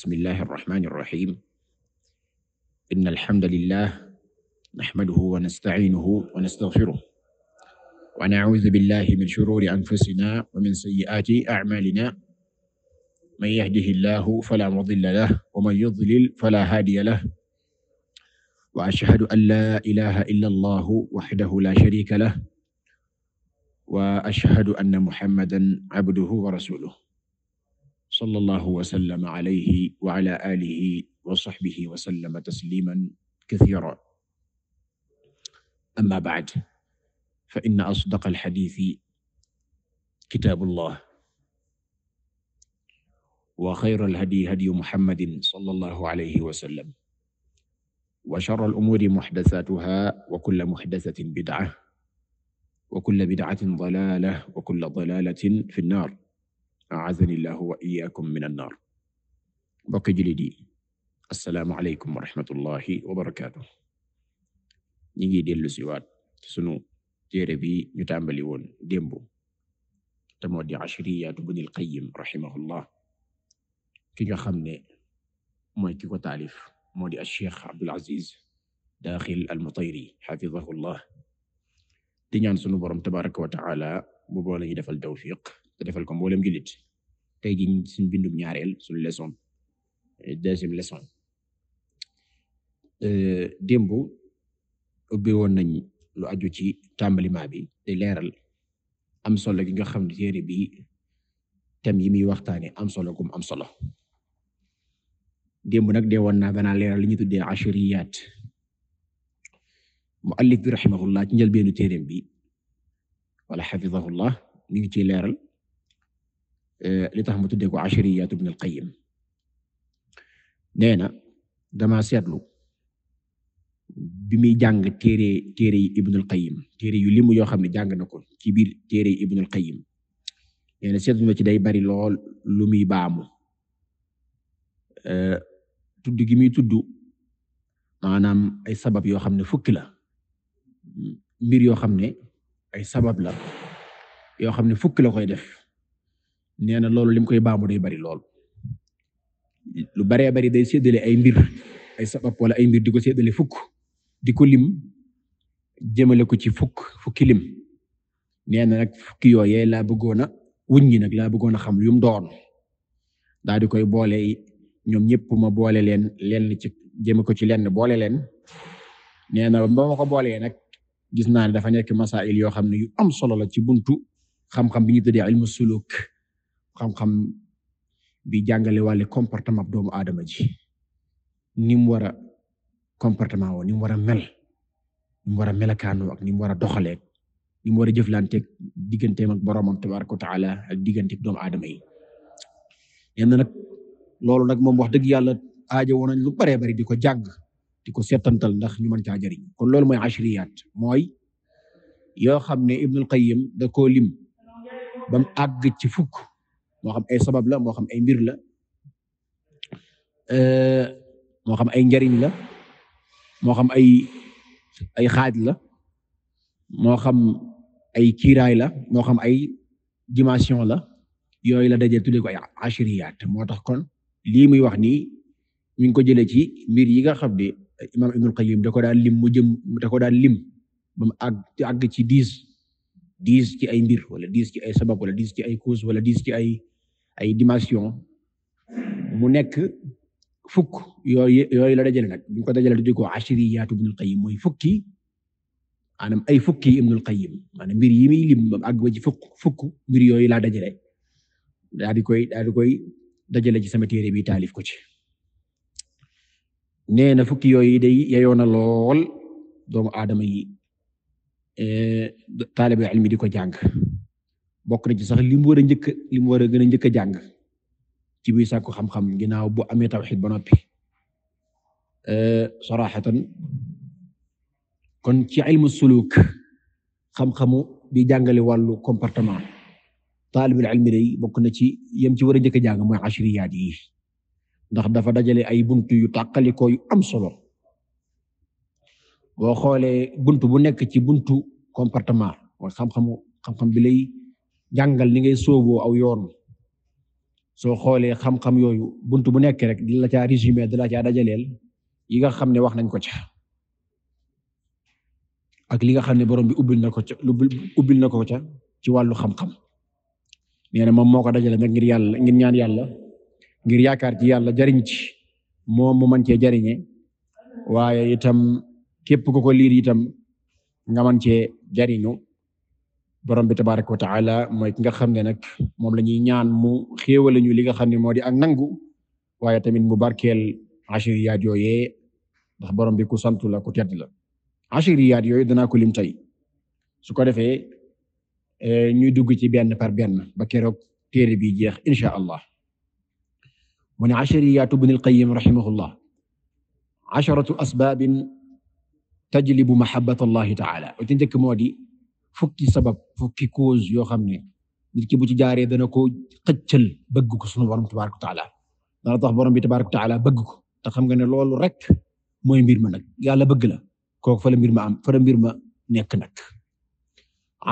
bismillahi arrahmani irrahim in alhamdulillah nahmaduhu wa nasta'inuhu wa nastaghfiruh wa na'udhu billahi min shururi anfusina wa min sayyiati a'malina man yahdihillahu fala mudilla lahu wa man yudlil fala hadiya lahu wa ashhadu an la ilaha illa allah wahdahu la sharika lahu wa ashhadu anna muhammadan abduhu wa rasuluhu sallallahu wa sallam alayhi wa ala alihi wa sahbihi wa sallama tasliman kathira amma ba'd fa inna asdaqa alhadithi kitaabullah wa xayra alhadi hadiyu muhammadin sallallahu alayhi wa sallam wa sharra al-umuuri muhdathatuha wa kulla muhdathatin bid'a wa kulla bid'atin dalaala wa kulla dalaalatin fi nnaar a'aazani llahu wa iyyakum min an-naar mbokk jullit yi assalaamu ngi dellu si waat sunu téere bi ñu tàmbali woon démb te moo di ashriyaatu Ibnul Qayyim rahimahullah ki nga xam ne mooy ki moo di Cheikh Abdul Aziz Daaxil al-Mutayri xafidahullah di sunu borom tabaraka wa taala bu boole ñu defal tawfiq te defal ko mboolem jullit tey jii suñ bindum ñaareel suñu leçon euh, deuxième leçon euh, démb ubbi woon nañ lu aju ci tàmbalima bi di leeral am solo gi nga xam ne téere bi thème yi muy waxtaane am solo gum am solo démb nag dee woon naa banaa leeral li ñu tuddee ashriyaat muallif bi rahimahullah ci njëlbeenu téereem bi wala xafidahullah mi ngi ciy leeral li tax mu tuddee ko ashriyaatu Ibn al-Qayyim nee na dama seetlu bi muy jàng téere téere yi Ibn al-Qayyim téere yu limu yoo xam ne jàng na ko ci biir téere yi Ibn al-Qayyim nee na seetlu ma ci day bari lool lu muy baamu tudd gi muy tudd maanaam ay sabab yoo xam ne fukki la mbir yoo xam ne ay sabab la yoo xam ne fukki la koy def. nee na loolu lim koy baamu day bari lool lu baree bari day séddale ay mbir ay sabab wala ay mbir di ko séddale fukk di ko lim jëmale ko ci fukk fukki lim nee na nag fukki yooyee laa bëggoon a wuñ ñi nag laa bëggoon a xam yum doon daal di koy boole ñoom ñëpp ma boole leen lenn ci jëme ko ci lenn boole leen nee na ba ma ko boolee nag gis naa ne dafa nekk masail yoo xam ne yu am solo la ci buntu xam-xam bi ñu tuddee ilmu suluk xam-xam bi jàngale wàllu comportement doomu aadama ji ni mu war a comportement wo ni mu war a mel ni mu war a melakaanoo ak ni mu war a doxalee ni mu war a jëflanteeg digganteem ak boroomam tabaraka wa taala ak digganteeg doomu adama yi. yenn nag loolu nag moom wax dëgg yàlla aajo woon nañ lu baree bari di ko jàng di ko setantal ndax ñu mën caa jëriñ kon loolu mooy ashriyat mooy yoo xam ne Ibnul Qayyim da koo lim bam àgg ci fukk. moo xam ay sabab la moo xam ay mbir la euh, moo xam ay njariñ la moo xam ay ay xaaj la moo xam ay kiiraay la moo xam ay dimension la yooyu la daje tuddee ko ay ashriyaat moo tax kon lii muy wax nii ñu ngi ko jëlee ci mbir yi nga xam ne imaam Ibnul Qayyim da ko daan lim mu jëm da ko daan lim ba mu àgg àgg ci diis diis ci ay mbir wala diis ci ay sabab wala diis ci ay cause wala diis ci ay ay dimension mu nekk fuk yooyu yooyu la dajale nag bu ko dajale tudde ko ashriyaatu Ibnul Qayyim mooy fukki maanaam ay fukki Ibnul Qayyim maanaam mbir yi muy lim ak ba ci fukk fukk mbir yooyu laa dajale daal di koy daal di koy dajale ci sama téere bi taalif ko ci nee na fukki yooyu day yeyoo na lool doomu aadama yi eh, taalibe ilmi di ko jàng bokk na ci sax li mu war a njëkk li mu war a gën a a jàng ci bi sàkku xam-xam ginnaaw boo amee tawxiid ba noppi euh, saraxatan kon ci ilmu suluk xam-xamu bi jàngale wàllu comportement taalibul ilmi day bokk na ci yem ci war a jëkk a jàng mooy ashriyaat yi ndax dafa dajale ay buntu yu tàqalikoo yu am solo boo xoolee buntu bu nekk ci buntu comportement mooy xam xam-xam bi lay jàngal li ngay sóoboo aw yoon soo xoolee xam-xam yooyu bunt bu nekk rek di la caa résumé di dajaleel yi nga xam ne wax nañ ko ca ak li nga xam ne borom bi ubbil na ko ca ubbil na ko ca ci wàllu xam-xam nee na moom moo ko dajale nag ngir yàlla ngir ñaan yàlla ngir yaakaar ci yàlla jariñ ci moom mu mën cee jariñe waaye itam képp ku ko liir itam nga mën cee jariñu borom bi tabaraka wa taala mooy nga xam ne nag moom la ñuy ñaan mu xéewale ñu li nga xam ne moo di ak nangu waaye tamit mu barkeel ashiriyaat yooyee ndax borom bi ku sant la ku tedd la ashiriyaat yooyu danaa ko lim tey su ko defee eh, ñu dugg ci benn par benn ba keroog téere bi jeex insha allah mu ne ashiriyaatu ibn al-Qayyim rahimahullah asharatu asbaabin tajlibu mahabbata taala te njëkk moo di fukki sabab fukki cause yoo xam ne nit ki bu ci jaaree dana ko xëccal bëgg ko sunu borom tabaraka wa tax borom bi tabaraka wa taala bëgg ko te xam nga ne loolu rek mooy mbir ma nag yàlla bëgg la kooku fa mbir ma am fa la mbir ma nekk nag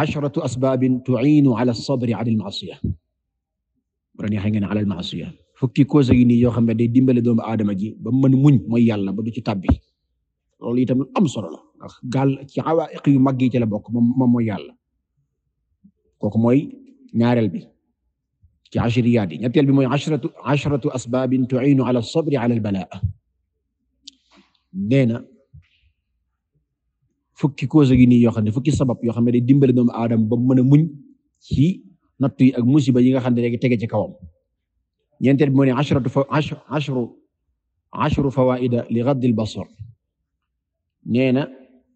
asharatu asbaabin tu'inu ala sabri ala al-ma'siya bu la neexee nga masiya fukki cause yi nii yoo xam ne day dimbale doomu aadama ji ba mën muñ mooy yàlla ba du ci tàbbi loolu am solo ndax gaal ci awaa'iq yu mag yi ci la bokk moom mooy yàlla kooku mooy ñaareel bi ci ashriyaat yi ñetteel bi mooy ashratu ashratu asbaabin tu'inu ala sabri ala albalaa nee na fukki cause gi nii yoo xam ne fukki sabab yoo xam ne day dimbale doomu aadama ba mën a muñ ci natt yi ak musiba yi nga xam ne léegi tege ci kawam ñeenteel bi mooy ashratu fa ashru ashru fawaida li ghaddi albasar nee na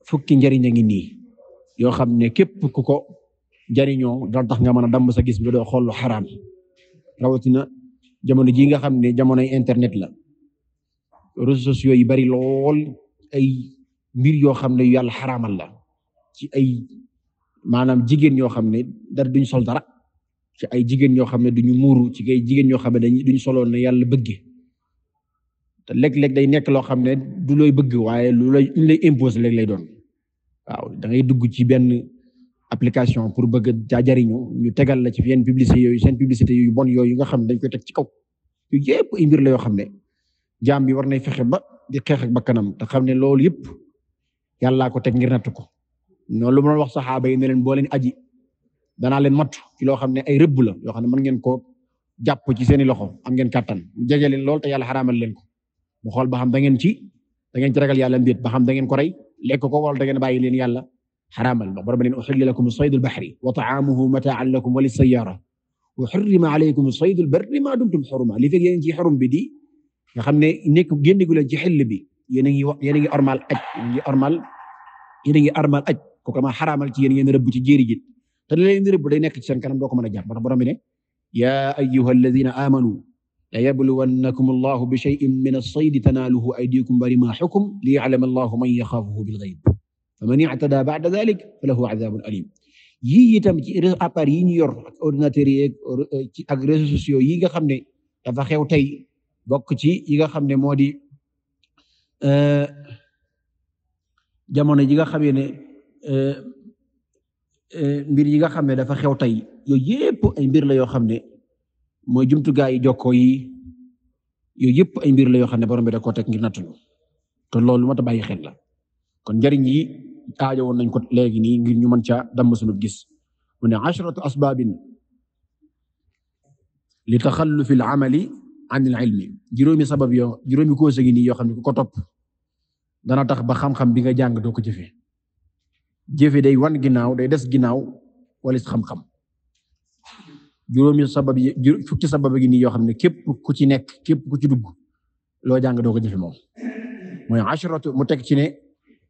fukki njariñ a ngi nii yoo xam ne képp ku ko jariñoo dal tax nga mën a damm sa gis bi doo xool lu rawatina jamono ji nga xam ne jamonoy internet la réseaux sociaux yi bari lool ay mbir yoo xam ne yàlla xaraamal la ci ay maanaam jigéen yoo xam ne dara duñ sol dara ci ay jigéen yoo xam ne duñu muuru ci ay jigéen yoo xam ne dañ duñ soloon ne yàlla bëggee te léeg-léeg day nekk loo xam ne du looy bëgg waaye lu lay imposé léeg lay doon waaw da ngay dugg ci benn application pour bëgg caa ñu tegal la ci yenn publicité yooyu seen publicité yooyu bon yooyu nga xam dañ koy teg ci kaw yu yëpp ay la yoo xam ne jaam bi war nay fexe ba di xeex ak te xam ne loolu yëpp yàllaa ko teg ngir nattu ko noonu lu ma wax saxaaba yi ne leen boo leen aji danaa leen mattu ci xam ne ay rëbb la yoo xam ne mën ngeen koo jàpp ci seeni loxo am ngeen kàttan mu leen lool te yàlla xaraamal leen ko xool ba xam da ngeen ci da ngeen ci ragal yàlla mbir ba xam da ngeen ko rey lekk ko waral da ngeen bàyyi leen yàlla xaraamal ndax borom leen uxilla lakum saydul baxri wa taamuhu mataan lakum wa lisayaara wa xurrima alaykum saydul barri ma dumtum xuruma li fekk yéen ci xurum bi di nga xam ne nekk génneegu leen ci xel bi yéen a ngi yéen a ngi ormal aj yéen a ngi ormal yéen a ngi armal aj xaraamal ci yéen ngeen rëbb ci jéeri ji te leen rëbb day nekk ci seen kanam doo ko mën a jàpp moo tax borom bi ne yaa ayyuha alladina amanu la yabluwannakum allahu bi shay'in min as-saydi tanaaluhu aydikum wa rimaahukum liya'lama allahu man yaxaafuhu bil ghayb faman i'tada ba'da dhalik falahu 'adhabun alim yii itam ci appareil yi ñu yor ak ordinateur yi ak réseaux sociaux yi nga xam ne dafa xew tey bokk ci yi nga xam ne moo di jamono ji nga xam ne mbir yi nga xam ne dafa xew tey yooyu yépp ay mbir la yoo xam ne mooy jumtukaay yi jokkoo yi yooyu yëpp ay mbir la yoo xam ne borom bi da koo teg ngir nattuñu te loolu mat a bàyyi xel la kon njariñ yi aajo woon nañ ko léegi nii ngir ñu mën caa damm sunu gis mu ne ashratu asbaabin li taxallufi al amali an al ilmi juróomi sabab yoo juróomi koo segi nii yoo xam ne ku ko topp dana tax ba xam-xam bi nga jàng doo ko jëfee jëfe day wan ginnaaw day des ginnaaw wala xam-xam juróomi sabab yi fukki sabab gi nii yoo xam ne képp ku ci nekk képp ku ci dugg loo jàng doo ko jëfe moom mooy asharatu mu teg ci ne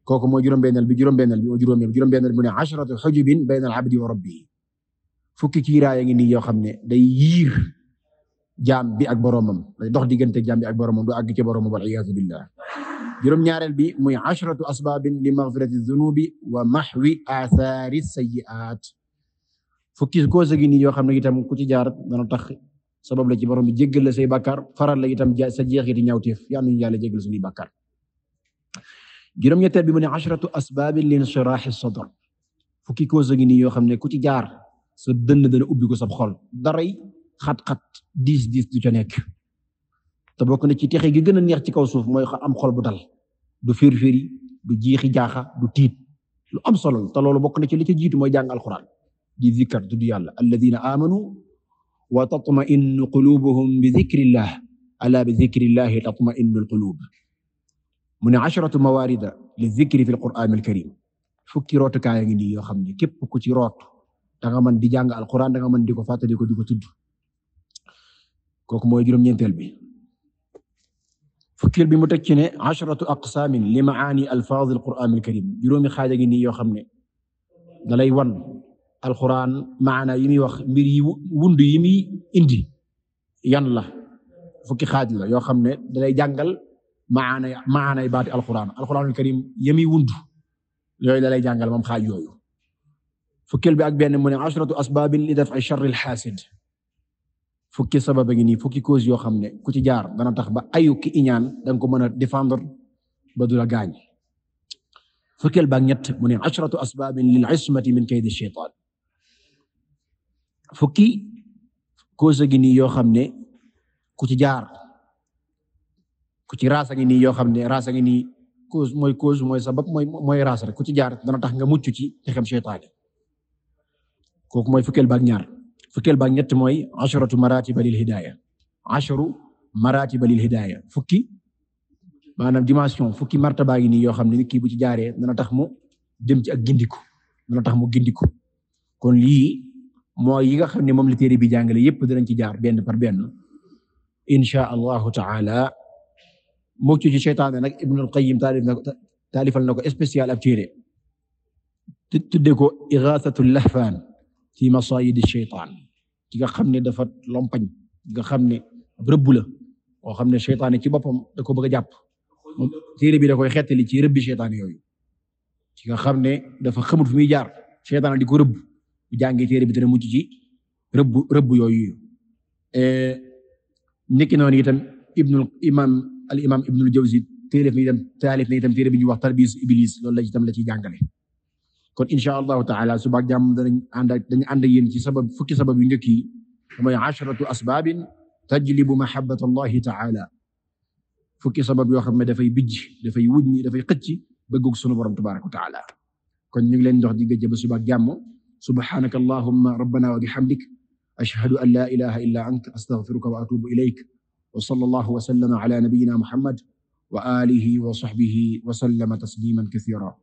kooku mooy juróom-benneel bi juróom-benneel bi juróomeel bi juróom-benneel bi mu ne asharatu xujubin bayna al abdi wa rabbi fukki kiiraay a yoo xam ne day yiir jaam bi ak boromam day dox diggante jaam bi ak boromam du àgg ci boromam wal iyaadu billah juróom-ñaareel bi muy asharatu asbaabin li maghfirati zunubi wa mahwi athari sayyi'at fukki ko gi nii yoo xam ne itam ku ci jaar dana tax sabab la ci borom bi jéggal la say bàkkaar faral la itam sa jeexiti ñaawteef yal nañu yàlla jéggal suñuy bàkkaar juróom-ñetteel bi mu ne ashratu asbaabi linshiraahi sadr fukki ko gi nii yoo xam ne ku ci jaar sa dënn dana ubbi ko sab xol daray xat-xat diis diis du ca nekk te bokk na ci texe gi gën a neex ci kaw suuf mooy am xol bu dal du fiir fiiri du jiixi jaaxa du tiit lu am solo te loolu bokk na ci li ci jiitu mooy jàng alxuraan di zikar tudd yàlla alladina amanu wa tatma'innu qulubuhum bi zikrillah ala bi zikrillah alqulub mu ne asharatu mawarida li zikri fi alquran alkarim fukki rootukaay yoo xam ne képp ku ci root da nga mën di jàng alquran da nga mën di ko fàttali ko di ko tudd kooku mooy juróom bi fukkil bi mu teg ci ne asharatu aqsaamin li maani alfaaz alquran alkarim juróomi xaaja yoo xam ne dalay wan alquran maana yi muy wax mbir yi wund yi muy indi yan la fukki xaaj la yoo xam ne dalay jàngal maana maanaay baati alquran alquranul karim yemi wund yooyu dalay jàngal moom xaaj yooyu fukkil bi ak benn mu ne ashratu asbabin li daf'i sharri alxaasid fukki sabab a ngi nii fukki cause yoo xam ne ku ci jaar dana tax ba ayu ki iñaan danga ko mën a défendre ba du la gaañ fukkil ba ak ñett mu ne ashratu asbabin lil ismati min kaydi shaytaan fukki cause gi nii yoo xam ne ku ci jaar ku ci raasa gi nii yoo xam ne raasa gi nii cause mooy cause mooy sabab mooy mooy raasa ku ci jaar dana tax nga mucc ci pexem seytaane kooku mooy fukkeel baak ñaar fukkeel baak ñett mooy asharatu maratiba lil hidaya asharu maratiba lil hidaya fukki maanaam dimension fukki martaba gi nii yoo xam ne nit kii bu ci jaaree dana tax mu jëm ci ak gindiku dana tax mu gindiku kon lii mooy yi nga xam ne moom la téere bi jàngale yëpp dinañ ci jaar benn par benn insha allahu taala mucc ci seytaane nag Ibnul Qayyim taalif na taalifal na ko spécial ab téere te tudde ko Ighathatul Lahfan fi Masayidi Shaytan ki nga xam ne dafa lompañ nga xam ne rëbb la boo xam ne seytaane ci boppam da ko bëgg a jàpp moom téere bi da koy xettali ci rëbbi seytaane yooyu ki nga xam ne dafa xamut fu muy jaar seytaane di ko rëbb bu jàngee téere bi dina mujj ci rëbb rëbb yooyu eh, nekki noonu itam ibnul imam al imam ibnul jawzi téeref na itam taalif na itam bi ñu wax tarbiyatul iblis loolu la itam la ciy jàngale kon insha allahu taala suba ak jàmm danañ ànd dañu ànd ak ci sabab fukki sabab yu njëkk yi mooy asharatu asbaabin tajlibu mahabbata allahi taala fukki sabab yoo xam ne dafay bijj dafay wuññi dafay xëcc bëggug sunu borom tabaraka wa taala kon ñu ngi leen dox di gëjë ba suba jàmm subhanaka allahumma rabbana wa bihamdik ashhadu an la ilaha illa anta astaghfiruka wa atubu ilayk wa sallallahu wa sallama ala nabiyyina muhammad wa alihi wa sahbihi wa sallama tasliman kathira